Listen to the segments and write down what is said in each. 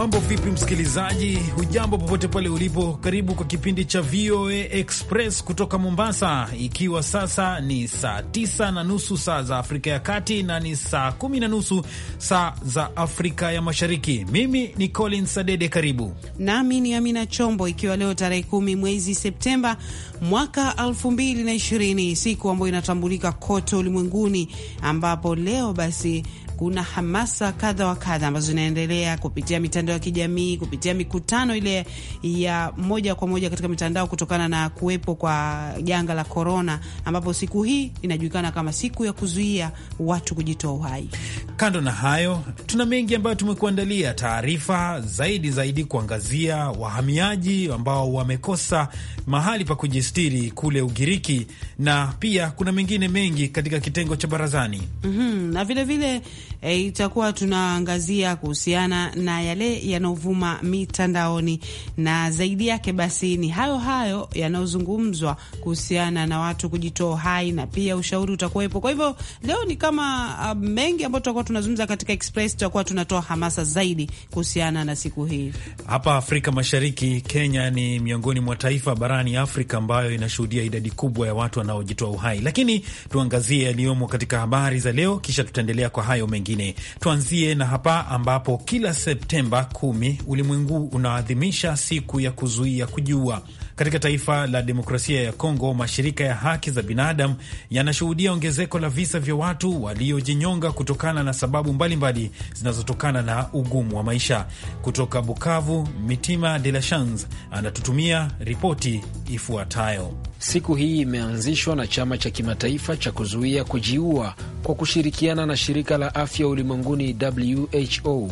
Mambo vipi, msikilizaji? Hujambo popote pale ulipo, karibu kwa kipindi cha VOA Express kutoka Mombasa, ikiwa sasa ni saa tisa na nusu saa za Afrika ya Kati na ni saa kumi na nusu saa za Afrika ya Mashariki. Mimi ni Colin Sadede, karibu nami ni Amina Chombo, ikiwa leo tarehe kumi mwezi Septemba mwaka elfu mbili na ishirini, siku ambayo inatambulika kote ulimwenguni, ambapo leo basi kuna hamasa kadha wa kadha ambazo zinaendelea kupitia mitandao ya kijamii, kupitia mikutano ile ya moja kwa moja katika mitandao, kutokana na kuwepo kwa janga la korona, ambapo siku hii inajulikana kama siku ya kuzuia watu kujitoa uhai. Kando na hayo, tuna mengi ambayo tumekuandalia taarifa zaidi zaidi, kuangazia wahamiaji ambao wamekosa mahali pa kujistiri kule Ugiriki, na pia kuna mengine mengi katika kitengo cha barazani. Mm -hmm. na vilevile vile e, itakuwa tunaangazia kuhusiana na yale yanayovuma mitandaoni, na zaidi yake basi ni hayo hayo yanayozungumzwa kuhusiana na watu kujitoa hai, na pia ushauri utakuwepo. Kwa hivyo leo ni kama uh, mengi ambayo tutakuwa tunazungumza katika Express, tutakuwa tunatoa hamasa zaidi kuhusiana na siku hii hapa Afrika Mashariki. Kenya ni miongoni mwa taifa barani Afrika ambayo inashuhudia idadi kubwa ya watu wanaojitoa uhai, lakini tuangazie yaliyomo katika habari za leo, kisha tutaendelea kwa hayo mengi mengine. Tuanzie na hapa ambapo kila Septemba kumi ulimwengu unaadhimisha siku ya kuzuia kujua katika taifa la demokrasia ya Kongo, mashirika ya haki za binadamu yanashuhudia ongezeko la visa vya watu waliojinyonga kutokana na sababu mbalimbali zinazotokana na ugumu wa maisha. Kutoka Bukavu, Mitima de la Chans anatutumia ripoti ifuatayo. Siku hii imeanzishwa na chama cha kimataifa cha kuzuia kujiua kwa kushirikiana na shirika la afya ulimwenguni WHO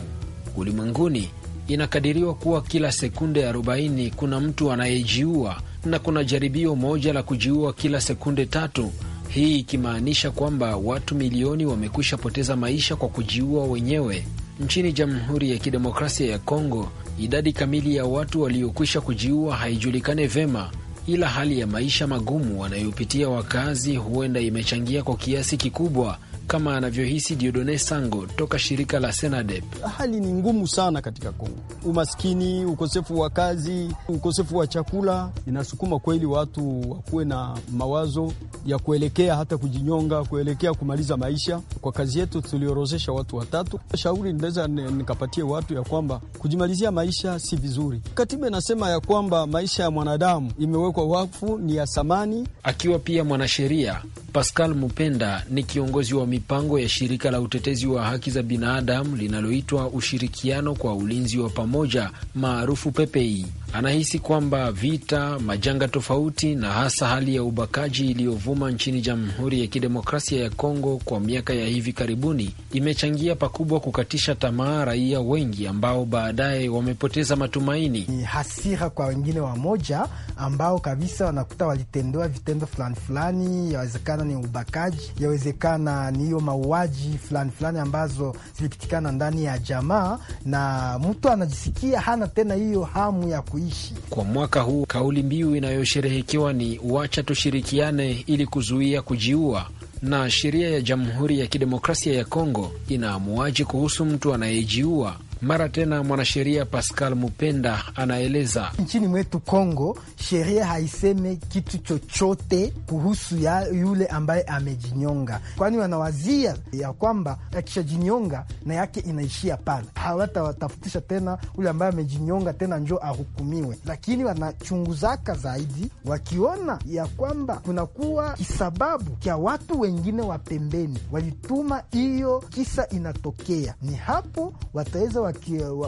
ulimwenguni inakadiriwa kuwa kila sekunde 40 kuna mtu anayejiua na kuna jaribio moja la kujiua kila sekunde tatu, hii ikimaanisha kwamba watu milioni wamekwisha poteza maisha kwa kujiua wenyewe. Nchini Jamhuri ya Kidemokrasia ya Kongo, idadi kamili ya watu waliokwisha kujiua haijulikane vema, ila hali ya maisha magumu wanayopitia wakazi huenda imechangia kwa kiasi kikubwa kama anavyohisi Diodone Sango toka shirika la Senadep. Hali ni ngumu sana katika Kongo, umaskini, ukosefu wa kazi, ukosefu wa chakula inasukuma kweli watu wakuwe na mawazo ya kuelekea hata kujinyonga, kuelekea kumaliza maisha. Kwa kazi yetu tuliorozesha watu watatu, shauri naweza nikapatie watu ya kwamba kujimalizia maisha si vizuri. Katiba inasema ya kwamba maisha ya mwanadamu imewekwa wakfu, ni ya thamani. Akiwa pia mwanasheria Pascal Mupenda ni kiongozi wa mipango ya shirika la utetezi wa haki za binadamu linaloitwa Ushirikiano kwa Ulinzi wa Pamoja, maarufu PEPEI anahisi kwamba vita, majanga tofauti na hasa hali ya ubakaji iliyovuma nchini Jamhuri ya Kidemokrasia ya Kongo kwa miaka ya hivi karibuni imechangia pakubwa kukatisha tamaa raia wengi ambao baadaye wamepoteza matumaini. Ni hasira kwa wengine wamoja ambao kabisa wanakuta walitendewa vitendo fulani fulani, yawezekana ni ubakaji, yawezekana ni hiyo mauaji fulani fulani ambazo zilipitikana ndani ya jamaa, na mtu anajisikia hana tena hiyo hamu ya ku kuishi. Kwa mwaka huu kauli mbiu inayosherehekewa ni wacha tushirikiane ili kuzuia kujiua. Na sheria ya Jamhuri ya Kidemokrasia ya Kongo inaamuaje kuhusu mtu anayejiua? Mara tena mwanasheria Pascal Mupenda anaeleza, nchini mwetu Kongo sheria haiseme kitu chochote kuhusu ya yule ambaye amejinyonga, kwani wanawazia ya kwamba akishajinyonga na yake inaishia pale, hawatawatafutisha tena ule ambaye amejinyonga tena njo ahukumiwe, lakini wanachunguzaka zaidi, wakiona ya kwamba kunakuwa kisababu kya watu wengine wa pembeni walituma hiyo kisa inatokea, ni hapo wataweza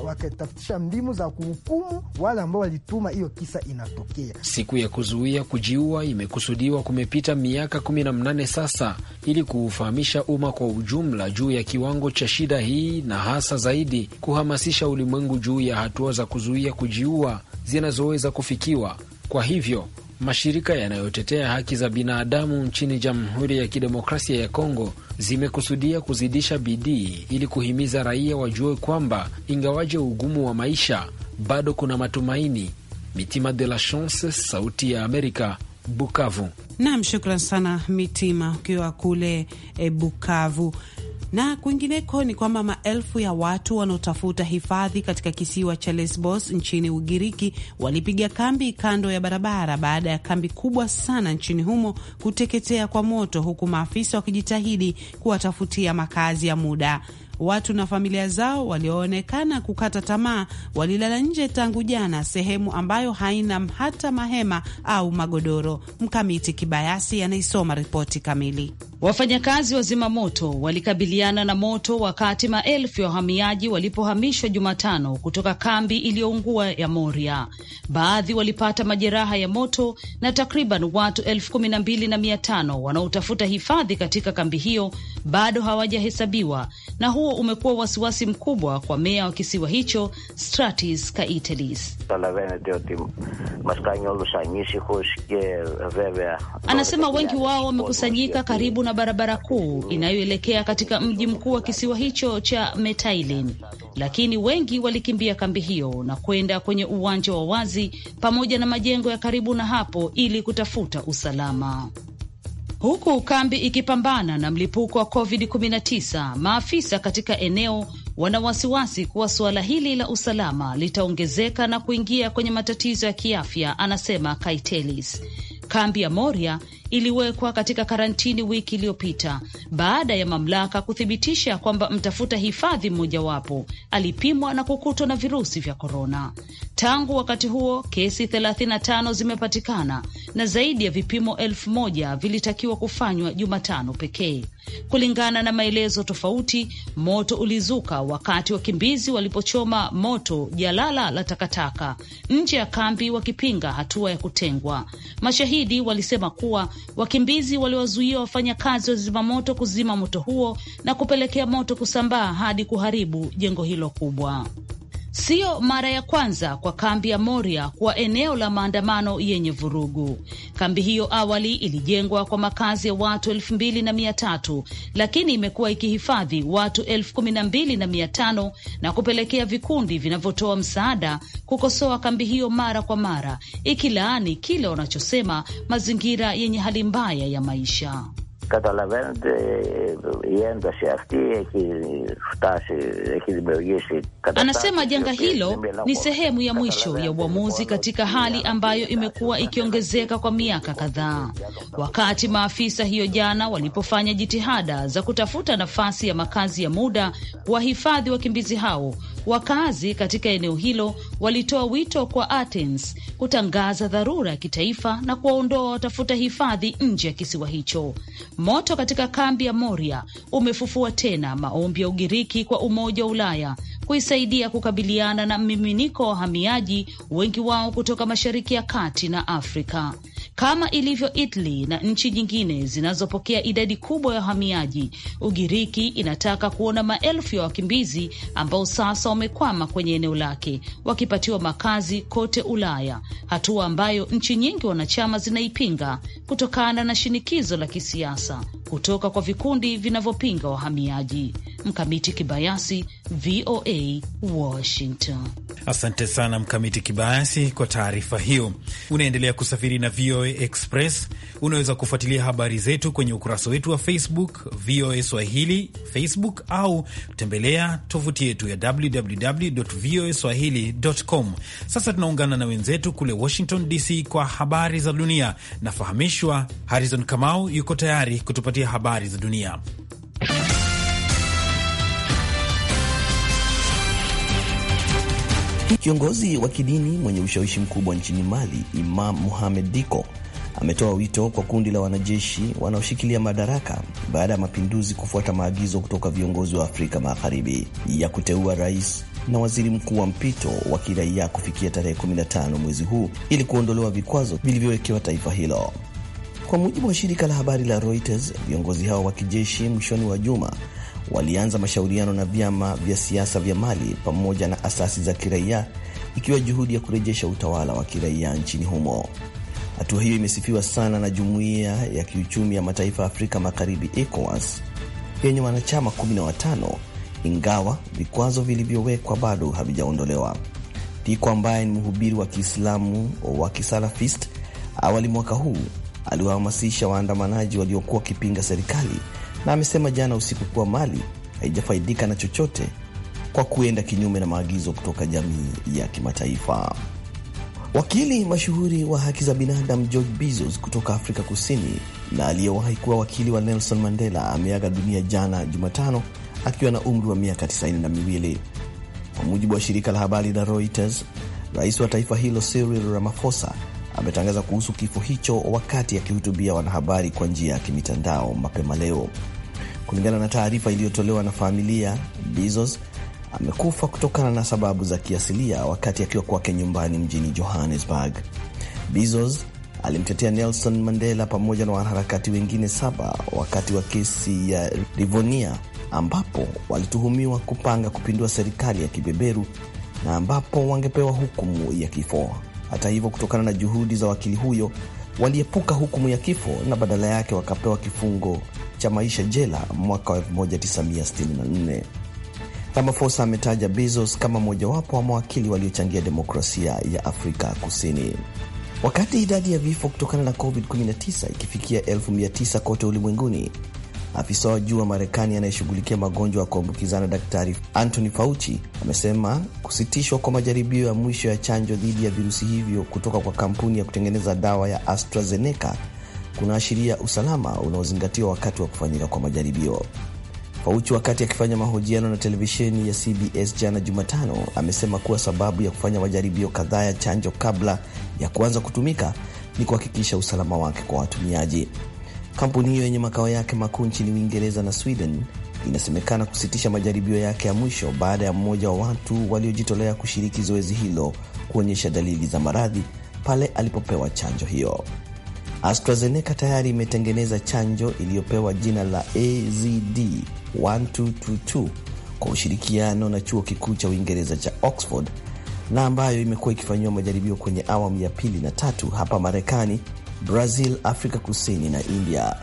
wakatafutisha mdimu za kuhukumu wale ambao walituma hiyo kisa inatokea. Siku ya kuzuia kujiua imekusudiwa kumepita miaka kumi na mnane sasa, ili kuufahamisha umma kwa ujumla juu ya kiwango cha shida hii na hasa zaidi kuhamasisha ulimwengu juu ya hatua za kuzuia kujiua zinazoweza kufikiwa. Kwa hivyo mashirika yanayotetea haki za binadamu nchini Jamhuri ya Kidemokrasia ya Kongo zimekusudia kuzidisha bidii ili kuhimiza raia wajue kwamba ingawaje ugumu wa maisha bado kuna matumaini. Mitima de la Chance, Sauti ya Amerika, Bukavu. Nam, shukran sana Mitima ukiwa kule e, Bukavu. Na kwingineko ni kwamba maelfu ya watu wanaotafuta hifadhi katika kisiwa cha Lesbos nchini Ugiriki walipiga kambi kando ya barabara baada ya kambi kubwa sana nchini humo kuteketea kwa moto, huku maafisa wakijitahidi kuwatafutia makazi ya muda. Watu na familia zao walioonekana kukata tamaa walilala nje tangu jana, sehemu ambayo haina hata mahema au magodoro. Mkamiti Kibayasi anaisoma ripoti kamili. Wafanyakazi wa zimamoto walikabiliana na moto wakati maelfu ya wahamiaji walipohamishwa Jumatano kutoka kambi iliyoungua ya Moria. Baadhi walipata majeraha ya moto na takriban watu elfu kumi na mbili na mia tano wanaotafuta hifadhi katika kambi hiyo bado hawajahesabiwa, na huo umekuwa wasiwasi mkubwa kwa meya wa kisiwa hicho Stratis Kaitelis. Anasema wengi wao wamekusanyika karibu na kuna barabara kuu inayoelekea katika mji mkuu wa kisiwa hicho cha Metailin, lakini wengi walikimbia kambi hiyo na kwenda kwenye uwanja wa wazi pamoja na majengo ya karibu na hapo ili kutafuta usalama. Huku kambi ikipambana na mlipuko wa COVID-19, maafisa katika eneo wana wasiwasi kuwa suala hili la usalama litaongezeka na kuingia kwenye matatizo ya kiafya, anasema Kaitelis. Kambi ya Moria iliwekwa katika karantini wiki iliyopita baada ya mamlaka kuthibitisha kwamba mtafuta hifadhi mmojawapo alipimwa na kukutwa na virusi vya korona. Tangu wakati huo kesi 35 zimepatikana na zaidi ya vipimo elfu moja vilitakiwa kufanywa Jumatano pekee. Kulingana na maelezo tofauti, moto ulizuka wakati wakimbizi walipochoma moto jalala la takataka nje ya kambi wakipinga hatua ya kutengwa. Mashahidi walisema kuwa wakimbizi waliwazuia wafanyakazi wa zimamoto kuzima moto huo na kupelekea moto kusambaa hadi kuharibu jengo hilo kubwa. Sio mara ya kwanza kwa kambi ya Moria kuwa eneo la maandamano yenye vurugu. Kambi hiyo awali ilijengwa kwa makazi ya watu elfu mbili na mia tatu lakini imekuwa ikihifadhi watu elfu kumi na mbili na mia tano na kupelekea vikundi vinavyotoa msaada kukosoa kambi hiyo mara kwa mara, ikilaani kile wanachosema mazingira yenye hali mbaya ya maisha καταλαβαίνετε η ένταση αυτή έχει φτάσει, έχει δημιουργήσει Ανasema janga hilo ni sehemu ya mwisho ya uamuzi katika hali ambayo imekuwa ikiongezeka kwa miaka kadhaa. Wakati maafisa hiyo jana walipofanya jitihada za kutafuta nafasi ya makazi ya muda wahifadhi wakimbizi hao, wakazi katika eneo hilo walitoa wito kwa Athens kutangaza dharura ya kitaifa na kuwaondoa watafuta hifadhi nje ya kisiwa hicho. Moto katika kambi ya Moria umefufua tena maombi ya Ugiriki kwa Umoja wa Ulaya kuisaidia kukabiliana na mmiminiko wa wahamiaji, wengi wao kutoka Mashariki ya Kati na Afrika. Kama ilivyo Italy na nchi nyingine zinazopokea idadi kubwa ya wahamiaji, Ugiriki inataka kuona maelfu ya wakimbizi ambao sasa wamekwama kwenye eneo lake wakipatiwa makazi kote Ulaya, hatua ambayo nchi nyingi wanachama zinaipinga kutokana na shinikizo la kisiasa kutoka kwa vikundi vinavyopinga wahamiaji. Mkamiti Kibayasi VOA Washington. Asante sana Mkamiti Kibayasi kwa taarifa hiyo. Unaendelea kusafiri na VOA Express. Unaweza kufuatilia habari zetu kwenye ukurasa wetu wa Facebook VOA Swahili Facebook, au tembelea tovuti yetu ya www voa swahili.com. Sasa tunaungana na wenzetu kule Washington DC kwa habari za dunia. Nafahamishwa Harrison Kamau yuko tayari kutupatia habari za dunia. Kiongozi wa kidini mwenye ushawishi mkubwa nchini Mali, Imam Mohamed Diko ametoa wito kwa kundi la wanajeshi wanaoshikilia madaraka baada ya mapinduzi kufuata maagizo kutoka viongozi wa Afrika Magharibi ya kuteua rais na waziri mkuu wa mpito wa kiraia kufikia tarehe 15 mwezi huu ili kuondolewa vikwazo vilivyowekewa taifa hilo. Kwa mujibu wa shirika la habari la Reuters, viongozi hao wa kijeshi mwishoni wa juma walianza mashauriano na vyama vya siasa vya Mali pamoja na asasi za kiraia ikiwa juhudi ya kurejesha utawala wa kiraia nchini humo. Hatua hiyo imesifiwa sana na Jumuiya ya Kiuchumi ya Mataifa ya Afrika Magharibi, ECOWAS, yenye wanachama 15 ingawa vikwazo vilivyowekwa bado havijaondolewa. Tiko ambaye ni mhubiri wa Kiislamu wa Kisalafist, awali mwaka huu aliwahamasisha waandamanaji waliokuwa wakipinga serikali na amesema jana usiku kuwa Mali haijafaidika na chochote kwa kuenda kinyume na maagizo kutoka jamii ya kimataifa. Wakili mashuhuri wa haki za binadamu George Bizos kutoka Afrika Kusini na aliyewahi kuwa wakili wa Nelson Mandela ameaga dunia jana Jumatano akiwa na umri wa miaka 92, kwa mujibu wa shirika la habari la Reuters. Rais wa taifa hilo Cyril Ramaphosa ametangaza kuhusu kifo hicho wakati akihutubia wanahabari kwa njia ya kimitandao mapema leo. Kulingana na taarifa iliyotolewa na familia, Bezos amekufa kutokana na sababu za kiasilia wakati akiwa kwake nyumbani mjini Johannesburg. Bezos alimtetea Nelson Mandela pamoja na wanaharakati wengine saba wakati wa kesi ya Rivonia ambapo walituhumiwa kupanga kupindua serikali ya kibeberu na ambapo wangepewa hukumu ya kifo. Hata hivyo, kutokana na juhudi za wakili huyo waliepuka hukumu ya kifo na badala yake wakapewa kifungo cha maisha jela mwaka wa 1964. Ramaphosa ametaja Bezos kama mojawapo wa mawakili waliochangia demokrasia ya Afrika Kusini. Wakati idadi ya vifo kutokana na COVID-19 ikifikia elfu mia tisa kote ulimwenguni, Afisa wa juu wa Marekani anayeshughulikia magonjwa ya kuambukizana Daktari Anthony Fauci amesema kusitishwa kwa majaribio ya mwisho ya chanjo dhidi ya virusi hivyo kutoka kwa kampuni ya kutengeneza dawa ya AstraZeneca kunaashiria usalama unaozingatiwa wakati wa kufanyika kwa majaribio. fauchi wakati akifanya mahojiano na televisheni ya CBS jana Jumatano amesema kuwa sababu ya kufanya majaribio kadhaa ya chanjo kabla ya kuanza kutumika ni kuhakikisha usalama wake kwa watumiaji. Kampuni hiyo yenye makao yake makuu nchini Uingereza na Sweden inasemekana kusitisha majaribio yake ya mwisho baada ya mmoja wa watu waliojitolea kushiriki zoezi hilo kuonyesha dalili za maradhi pale alipopewa chanjo hiyo. AstraZeneca tayari imetengeneza chanjo iliyopewa jina la AZD1222 kwa ushirikiano na chuo kikuu cha Uingereza cha Oxford na ambayo imekuwa ikifanyiwa majaribio kwenye awamu ya pili na tatu hapa Marekani Brazil, Afrika Kusini na India.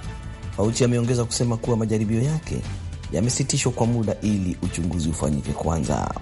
Fauci ameongeza kusema kuwa majaribio yake yamesitishwa kwa muda ili uchunguzi ufanyike kwanza.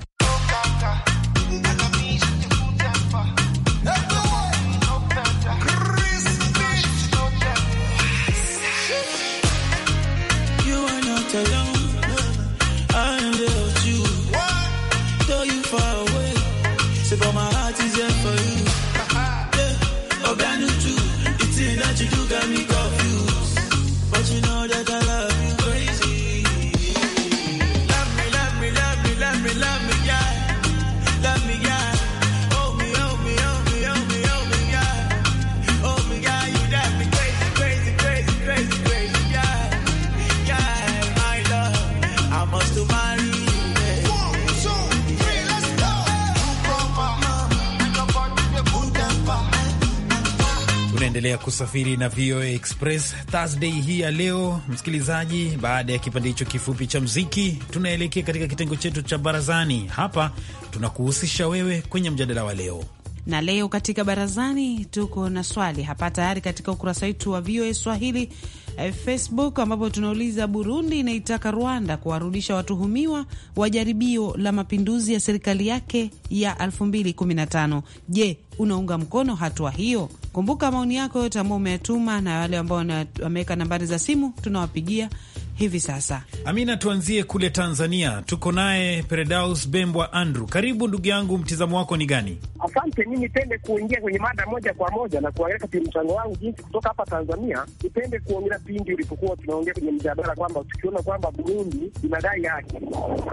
Unaendelea kusafiri na VOA Express Thursday hii ya leo, msikilizaji. Baada ya kipande hicho kifupi cha mziki, tunaelekea katika kitengo chetu cha barazani. Hapa tunakuhusisha wewe kwenye mjadala wa leo na leo katika barazani tuko na swali hapa tayari katika ukurasa wetu wa VOA Swahili eh, Facebook, ambapo tunauliza Burundi inaitaka Rwanda kuwarudisha watuhumiwa wa jaribio la mapinduzi ya serikali yake ya 2015. Je, unaunga mkono hatua hiyo? Kumbuka maoni yako yote ambao umeyatuma na wale ambao wameweka nambari za simu tunawapigia hivi sasa. Amina, tuanzie kule Tanzania, tuko naye Peredaus Bembwa Andrew. Karibu ndugu yangu, mtizamo wako ni gani? Asante. Mi nipende kuingia kwenye mada moja kwa moja na kuangalia pia mchango wangu jinsi kutoka hapa Tanzania. Nipende kuongea pindi ulipokuwa tunaongea kwenye mjadala kwamba tukiona kwamba Burundi inadai yake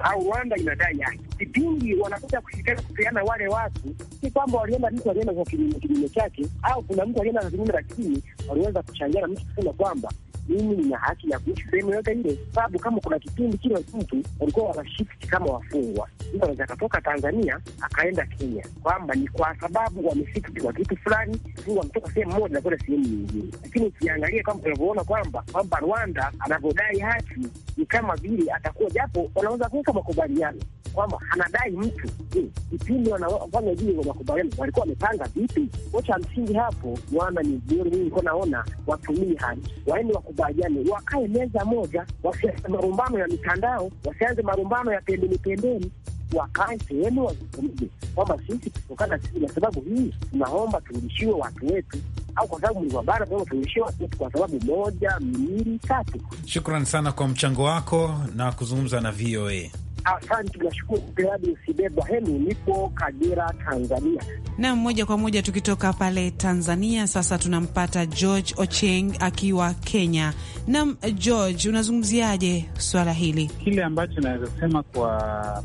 au Rwanda inadai yake, kipindi wanakuja kushirikiana kupeana wale watu, si kwamba walienda mtu alienda kwa kinyume chake au kuna mtu alienda kwa kinyume, lakini waliweza kuchangia na mtu kusema kwamba mimi nina haki ya kuishi sehemu yoyote ile, sababu kama kuna kipindi kila mtu walikuwa wanashifti kama wafungwa, mtu anaweza akatoka Tanzania akaenda Kenya, kwamba ni kwa sababu wameshifti kwa kitu fulani, mfungu ametoka sehemu moja na kwenda sehemu nyingine. Lakini ukiangalia kama unavyoona kwamba kwamba Rwanda anavyodai haki ni kama vile atakuwa, japo wanaweza kuweka makubaliano kwamba anadai mtu kipindi wanafanya vile wa makubaliano, walikuwa wamepanga vipi? Kocha msingi hapo mwana ni Mimi nilikuwa naona watumii haki waende wak hawakubaliani, wakae meza moja, wasianze marumbano ya mitandao, wasianze marumbano ya pembeni pembeni, wakae sehemu wazungumze kwamba sisi kutokana sisi na sababu hii tunaomba turudishiwe watu wetu au kwa sababu mliwabara turudishiwe watu wetu kwa sababu moja mbili tatu. Shukran sana kwa mchango wako na kuzungumza na VOA. Asante, nashukuru. Gladys Debwa Helu, nipo Kagera, Tanzania. Nam, moja kwa moja tukitoka pale Tanzania, sasa tunampata George Ocheng akiwa Kenya. Nam George, unazungumziaje swala hili? Kile ambacho naweza sema kwa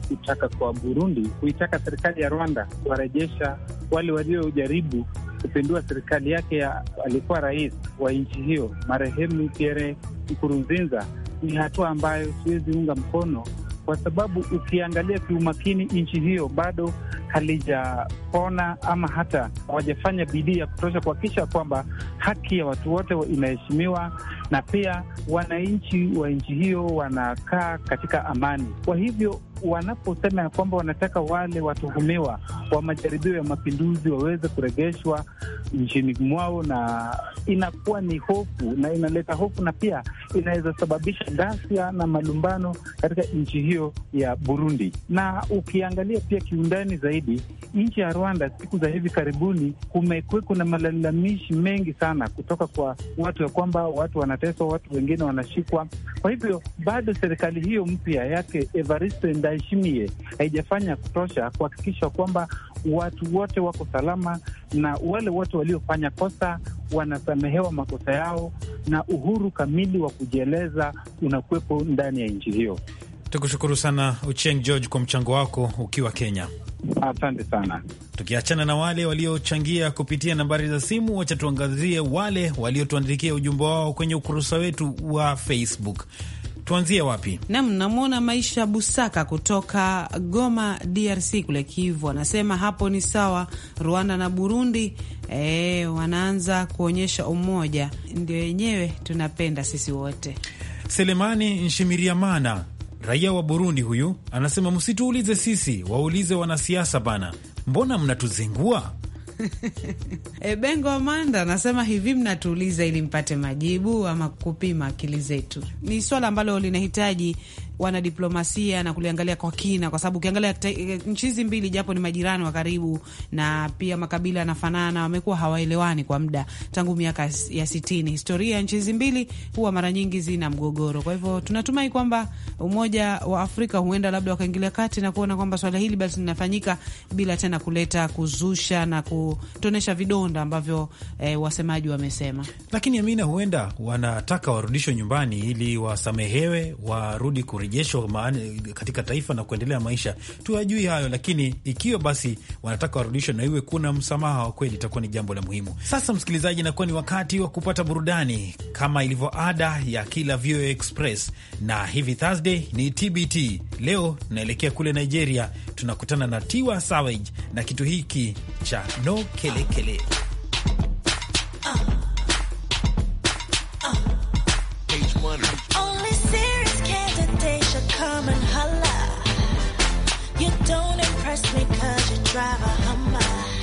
kutaka kwa Burundi kuitaka serikali ya Rwanda kuwarejesha wale waliojaribu kupindua serikali yake ya alikuwa rais wa nchi hiyo marehemu Pierre Nkurunziza ni hatua ambayo siwezi unga mkono kwa sababu ukiangalia kiumakini, nchi hiyo bado halijapona ama hata hawajafanya bidii ya kutosha kuhakikisha kwamba haki ya watu wote inaheshimiwa na pia wananchi wa nchi hiyo wanakaa katika amani. Kwa hivyo wanaposema ya kwamba wanataka wale watuhumiwa wa majaribio ya mapinduzi waweze kuregeshwa nchini mwao, na inakuwa ni hofu na inaleta hofu, na pia inaweza sababisha ghasia na malumbano katika nchi hiyo ya Burundi. Na ukiangalia pia kiundani zaidi nchi ya Rwanda, siku za hivi karibuni kumekuwa kuna malalamishi mengi sana kutoka kwa watu ya kwamba watu wana wanateswa, watu wengine wanashikwa. Kwa hivyo bado serikali hiyo mpya yake Evariste Ndayishimiye haijafanya kutosha kuhakikisha kwamba watu wote wako salama na wale wote waliofanya kosa wanasamehewa makosa yao na uhuru kamili wa kujieleza unakuwepo ndani ya nchi hiyo. Tukushukuru sana Ucheng George kwa mchango wako ukiwa Kenya. Asante sana. Tukiachana na wale waliochangia kupitia nambari za simu, wacha tuangazie wale waliotuandikia ujumbe wao kwenye ukurasa wetu wa Facebook. Tuanzie wapi? Nam, namwona Maisha Busaka kutoka Goma, DRC kule Kivu, anasema hapo ni sawa, Rwanda na Burundi e, wanaanza kuonyesha umoja, ndio wenyewe tunapenda sisi wote. Selemani Nshimiriamana Raia wa Burundi huyu anasema msituulize sisi, waulize wanasiasa bana, mbona mnatuzingua? E, Bengo Amanda anasema hivi, mnatuuliza ili mpate majibu ama kupima akili zetu? Ni swala ambalo linahitaji wanadiplomasia na kuliangalia kwa kina, kwa sababu ukiangalia nchi hizi mbili japo ni majirani wa karibu na pia makabila yanafanana, wamekuwa hawaelewani kwa muda tangu miaka ya sitini. Historia ya nchi hizi mbili huwa mara nyingi zina mgogoro. Kwa hivyo tunatumai kwamba Umoja wa Afrika huenda labda wakaingilia kati na kuona kwamba swala hili basi linafanyika bila tena kuleta kuzusha na kutonesha vidonda ambavyo eh, wasemaji wamesema. Lakini Amina, huenda wanataka warudishwe nyumbani ili wasamehewe, warudi kuri mrejesho katika taifa na kuendelea maisha, tuyajui hayo, lakini ikiwa basi wanataka warudishwe na iwe kuna msamaha wa kweli, itakuwa ni jambo la muhimu. Sasa msikilizaji, inakuwa ni wakati wa kupata burudani kama ilivyo ada ya kila VOA Express, na hivi Thursday ni TBT. Leo tunaelekea kule Nigeria, tunakutana na Tiwa Savage na kitu hiki cha no kelekele kele. don't impress me cause you drive a Hummer.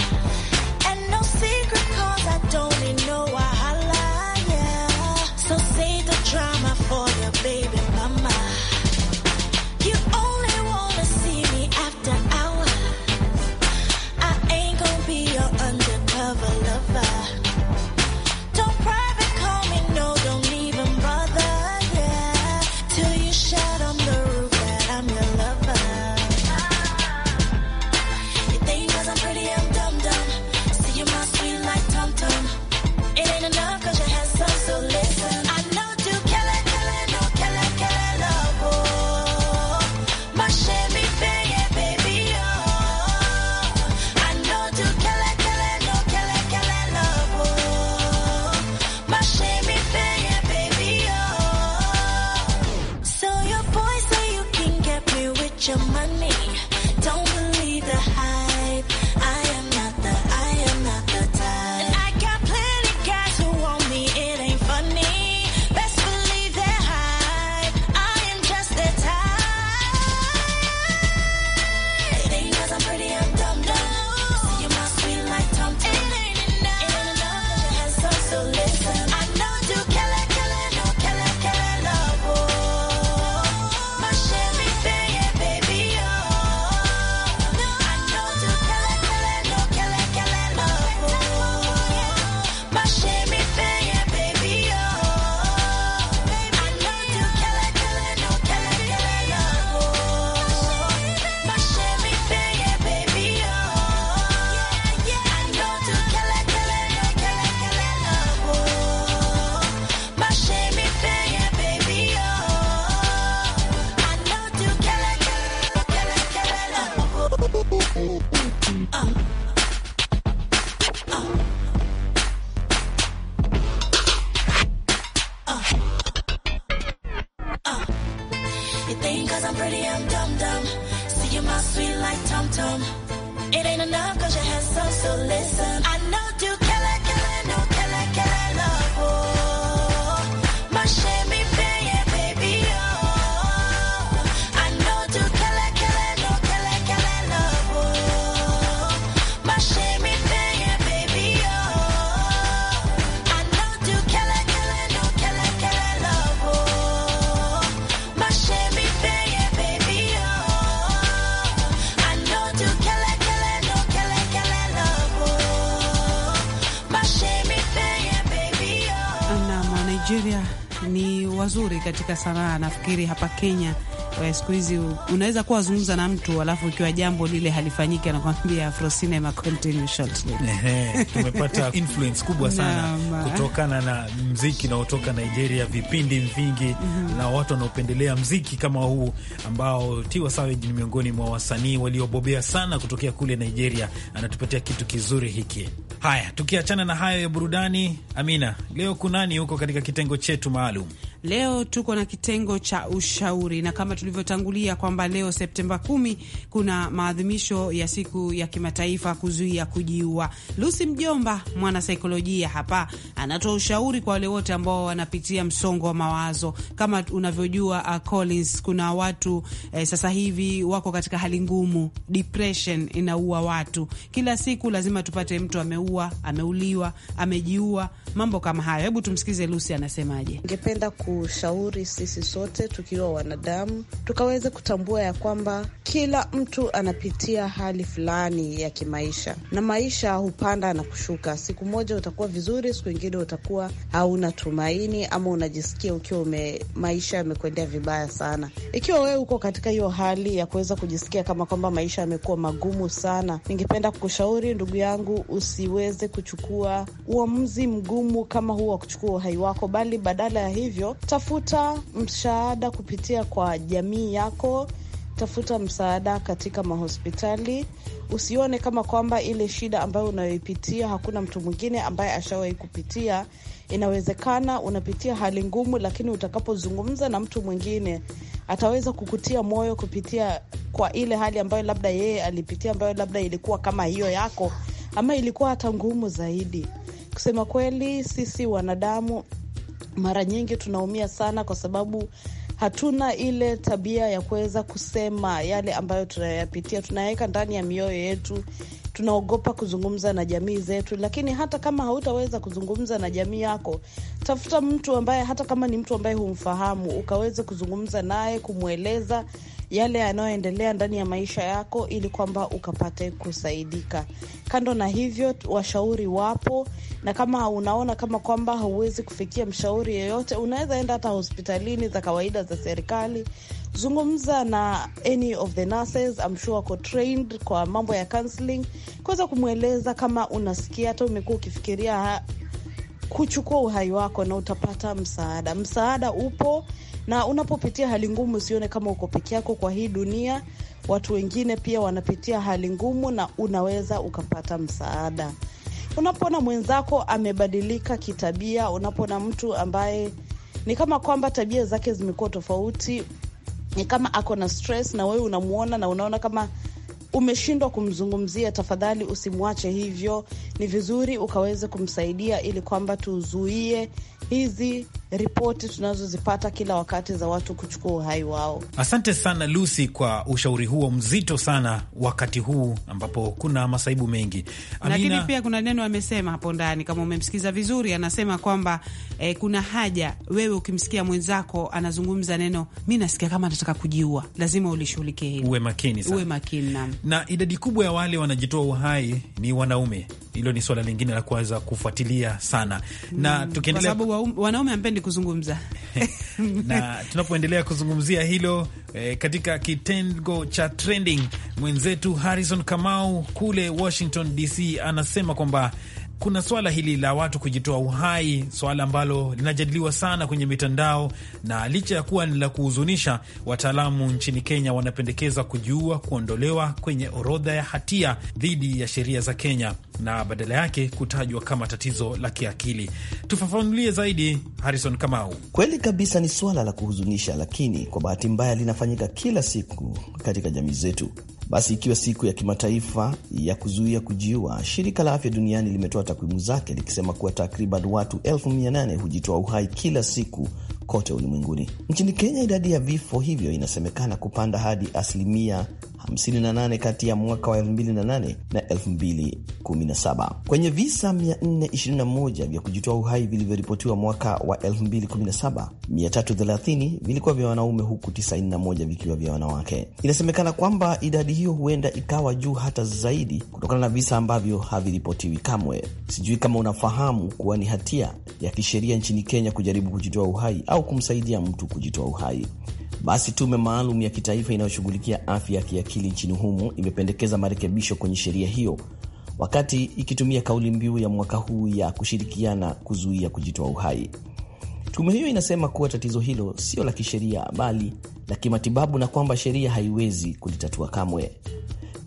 cause I'm pretty, I'm dumb dumb. See you my sweet like Tom Tom. It ain't enough cause your handsome, so listen. I know it, kill it, no kill it. wazuri katika sanaa. Nafikiri hapa Kenya eh, siku hizi unaweza kuwa wazungumza na mtu alafu ikiwa jambo lile halifanyiki anakwambia Afro Cinema continue shortly. Tumepata influence kubwa sana ah. kutokana na mziki naotoka Nigeria, vipindi vingi mm -hmm. na watu wanaopendelea mziki kama huu ambao Tiwa Savage ni miongoni mwa wasanii waliobobea sana kutokea kule Nigeria, anatupatia kitu kizuri hiki. Haya, tukiachana na hayo ya burudani, Amina, leo kunani huko katika kitengo chetu maalum? Leo tuko na kitengo cha ushauri, na kama tulivyotangulia kwamba leo Septemba kumi kuna maadhimisho ya siku ya kimataifa kuzuia kujiua. Lucy Mjomba, mwanasaikolojia hapa, anatoa ushauri kwa wale wote ambao wanapitia msongo wa mawazo. Kama unavyojua, uh, Collins, kuna watu eh, sasa hivi wako katika hali ngumu, depression inaua watu kila siku, lazima tupate mtu ameua, ameuliwa, amejiua, mambo kama hayo. Hebu tumsikize Lucy anasemaje. Ningependa ku kushauri sisi sote tukiwa wanadamu tukaweza kutambua ya kwamba kila mtu anapitia hali fulani ya kimaisha, na maisha hupanda na kushuka. Siku moja utakuwa vizuri, siku ingine utakuwa hauna tumaini, ama unajisikia ukiwa ume, maisha yamekwendea vibaya sana. Ikiwa wewe uko katika hiyo hali ya kuweza kujisikia kama kwamba maisha yamekuwa magumu sana, ningependa kukushauri ndugu yangu, usiweze kuchukua uamuzi mgumu kama huu wa kuchukua uhai wako, bali badala ya hivyo tafuta msaada kupitia kwa jamii yako, tafuta msaada katika mahospitali. Usione kama kwamba ile shida ambayo unayoipitia hakuna mtu mwingine ambaye ashawahi kupitia. Inawezekana unapitia hali ngumu, lakini utakapozungumza na mtu mwingine ataweza kukutia moyo kupitia kwa ile hali ambayo labda yeye alipitia, ambayo labda ilikuwa kama hiyo yako, ama ilikuwa hata ngumu zaidi. Kusema kweli, sisi wanadamu mara nyingi tunaumia sana kwa sababu hatuna ile tabia ya kuweza kusema yale ambayo tunayapitia, tunayaweka ndani ya mioyo yetu. Tunaogopa kuzungumza na jamii zetu, lakini hata kama hautaweza kuzungumza na jamii yako, tafuta mtu ambaye, hata kama ni mtu ambaye humfahamu, ukaweze kuzungumza naye, kumweleza yale yanayoendelea ndani ya maisha yako ili kwamba ukapate kusaidika. Kando na hivyo, washauri wapo, na kama unaona kama kwamba hauwezi kufikia mshauri yeyote, unaweza enda hata hospitalini za kawaida za serikali, zungumza na any of the nurses, I'm sure wako trained kwa mambo ya counseling, kuweza kumweleza kama unasikia hata umekuwa ukifikiria kuchukua uhai wako na utapata msaada. Msaada upo na unapopitia hali ngumu usione kama uko peke yako. Kwa hii dunia watu wengine pia wanapitia hali ngumu, na unaweza ukapata msaada. Unapoona mwenzako amebadilika kitabia, unapoona mtu ambaye ni kama kwamba tabia zake zimekuwa tofauti, ni kama ako na stress na wewe unamwona na unaona kama umeshindwa kumzungumzia, tafadhali usimwache hivyo. Ni vizuri ukaweze kumsaidia ili kwamba tuzuie hizi ripoti tunazozipata kila wakati za watu kuchukua uhai wao. Asante sana Lucy kwa ushauri huo mzito sana, wakati huu ambapo kuna masaibu mengi. Amina... lakini pia kuna neno amesema hapo ndani, kama umemsikiza vizuri, anasema kwamba eh, kuna haja wewe ukimsikia mwenzako anazungumza neno mi nasikia kama anataka kujiua, lazima ulishughulikie uwe makini sana, uwe makini nam. Na idadi kubwa ya wale wanajitoa uhai ni wanaume. Hilo ni swala lingine la kuweza kufuatilia sana na mm, tukiendelea... kwa sababu wanaume kuzungumza na tunapoendelea kuzungumzia hilo eh, katika kitengo cha trending mwenzetu Harrison Kamau kule Washington DC anasema kwamba kuna swala hili la watu kujitoa uhai, swala ambalo linajadiliwa sana kwenye mitandao, na licha ya kuwa ni la kuhuzunisha, wataalamu nchini Kenya wanapendekeza kujiua kuondolewa kwenye orodha ya hatia dhidi ya sheria za Kenya na badala yake kutajwa kama tatizo la kiakili. Tufafanulie zaidi, Harrison Kamau. Kweli kabisa, ni swala la kuhuzunisha, lakini kwa bahati mbaya linafanyika kila siku katika jamii zetu. Basi ikiwa siku ya kimataifa ya kuzuia kujiua, shirika la afya duniani limetoa takwimu zake likisema kuwa takriban watu elfu mia nane hujitoa uhai kila siku kote ulimwenguni. Nchini Kenya, idadi ya vifo hivyo inasemekana kupanda hadi asilimia 58 kati ya mwaka wa 2008 na 2017. Kwenye visa 421 vya kujitoa uhai vilivyoripotiwa mwaka wa 2017, 330 vilikuwa vya wanaume huku 91 vikiwa vya wanawake. Inasemekana kwamba idadi hiyo huenda ikawa juu hata zaidi kutokana na visa ambavyo haviripotiwi kamwe. Sijui kama unafahamu kuwa ni hatia ya kisheria nchini Kenya kujaribu kujitoa uhai au kumsaidia mtu kujitoa uhai. Basi tume maalum ya kitaifa inayoshughulikia afya ya kiakili nchini humo imependekeza marekebisho kwenye sheria hiyo, wakati ikitumia kauli mbiu ya mwaka huu ya kushirikiana kuzuia kujitoa uhai. Tume hiyo inasema kuwa tatizo hilo sio la kisheria bali la kimatibabu na kwamba sheria haiwezi kulitatua kamwe.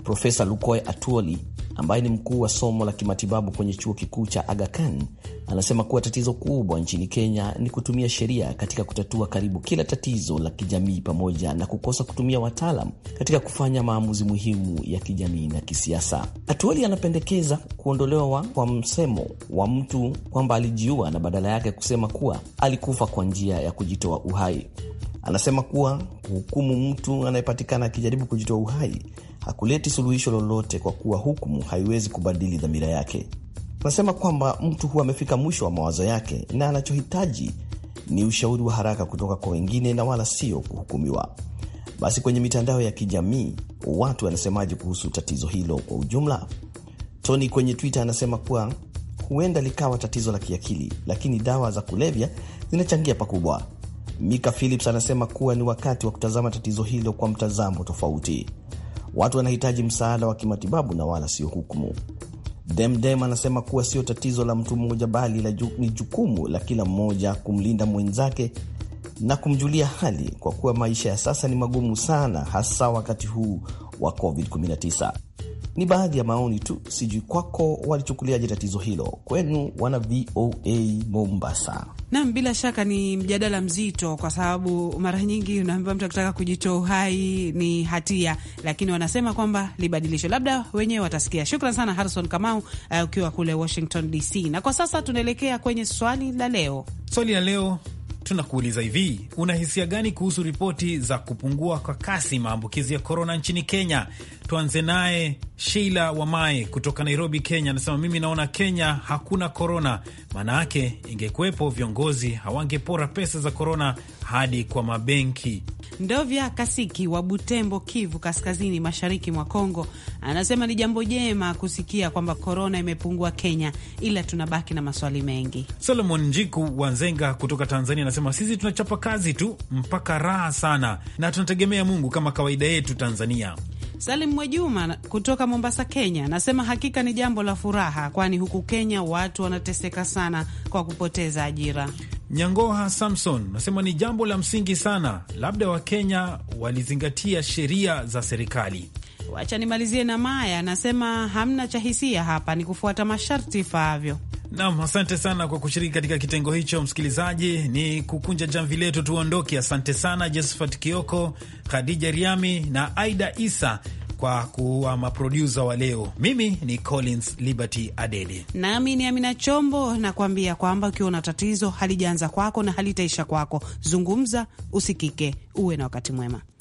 Profesa Lukoe Atuoli ambaye ni mkuu wa somo la kimatibabu kwenye chuo kikuu cha Aga Khan anasema kuwa tatizo kubwa nchini Kenya ni kutumia sheria katika kutatua karibu kila tatizo la kijamii pamoja na kukosa kutumia wataalam katika kufanya maamuzi muhimu ya kijamii na kisiasa. Atuoli anapendekeza kuondolewa kwa msemo wa mtu kwamba alijiua na badala yake kusema kuwa alikufa kwa njia ya kujitoa uhai. Anasema kuwa kuhukumu mtu anayepatikana akijaribu kujitoa uhai hakuleti suluhisho lolote kwa kuwa hukumu haiwezi kubadili dhamira yake. Anasema kwamba mtu huwa amefika mwisho wa mawazo yake na anachohitaji ni ushauri wa haraka kutoka kwa wengine na wala sio kuhukumiwa. Basi kwenye mitandao ya kijamii watu wanasemaje kuhusu tatizo hilo kwa ujumla? Tony kwenye Twitter anasema kuwa huenda likawa tatizo la kiakili, lakini dawa za kulevya zinachangia pakubwa. Mika Phillips anasema kuwa ni wakati wa kutazama tatizo hilo kwa mtazamo tofauti. Watu wanahitaji msaada wa kimatibabu na wala sio hukumu. Demdem anasema kuwa sio tatizo la mtu mmoja, bali ju, ni jukumu la kila mmoja kumlinda mwenzake na kumjulia hali, kwa kuwa maisha ya sasa ni magumu sana, hasa wakati huu wa COVID-19. Ni baadhi ya maoni tu, sijui kwako walichukuliaje tatizo hilo. Kwenu wana VOA Mombasa. nam bila shaka ni mjadala mzito, kwa sababu mara nyingi unaambiwa mtu akitaka kujitoa uhai ni hatia, lakini wanasema kwamba libadilisho, labda wenyewe watasikia. Shukran sana Harrison Kamau uh, ukiwa uh, kule Washington DC. Na kwa sasa tunaelekea kwenye swali la leo, swali la leo tunakuuliza hivi, una hisia gani kuhusu ripoti za kupungua kwa kasi maambukizi ya korona nchini Kenya? Tuanze naye Sheila Wamae kutoka Nairobi, Kenya, anasema mimi naona Kenya hakuna korona, maana yake ingekuwepo viongozi hawangepora pesa za korona hadi kwa mabenki. Ndovya Kasiki wa Butembo, Kivu Kaskazini, mashariki mwa Kongo, anasema ni jambo jema kusikia kwamba korona imepungua Kenya, ila tunabaki na maswali mengi. Solomon Njiku wa Nzenga kutoka Tanzania anasema sisi tunachapa kazi tu mpaka raha sana, na tunategemea Mungu kama kawaida yetu Tanzania. Salim Mwejuma kutoka Mombasa, Kenya, anasema hakika ni jambo la furaha, kwani huku Kenya watu wanateseka sana kwa kupoteza ajira. Nyangoha Samson nasema ni jambo la msingi sana, labda Wakenya walizingatia sheria za serikali. Wacha nimalizie na Maya anasema hamna cha hisia hapa, ni kufuata masharti faavyo. Nam, asante sana kwa kushiriki katika kitengo hicho. Msikilizaji, ni kukunja jamvi letu, tuondoke. Asante sana Josephat Kioko, Khadija Riami na Aida Isa kwa kuwa maprodusa wa leo. Mimi ni Collins Liberty Adeli nami ni Amina Chombo, nakuambia kwamba ukiwa na tatizo halijaanza kwako na halitaisha kwako. Zungumza usikike. Uwe na wakati mwema.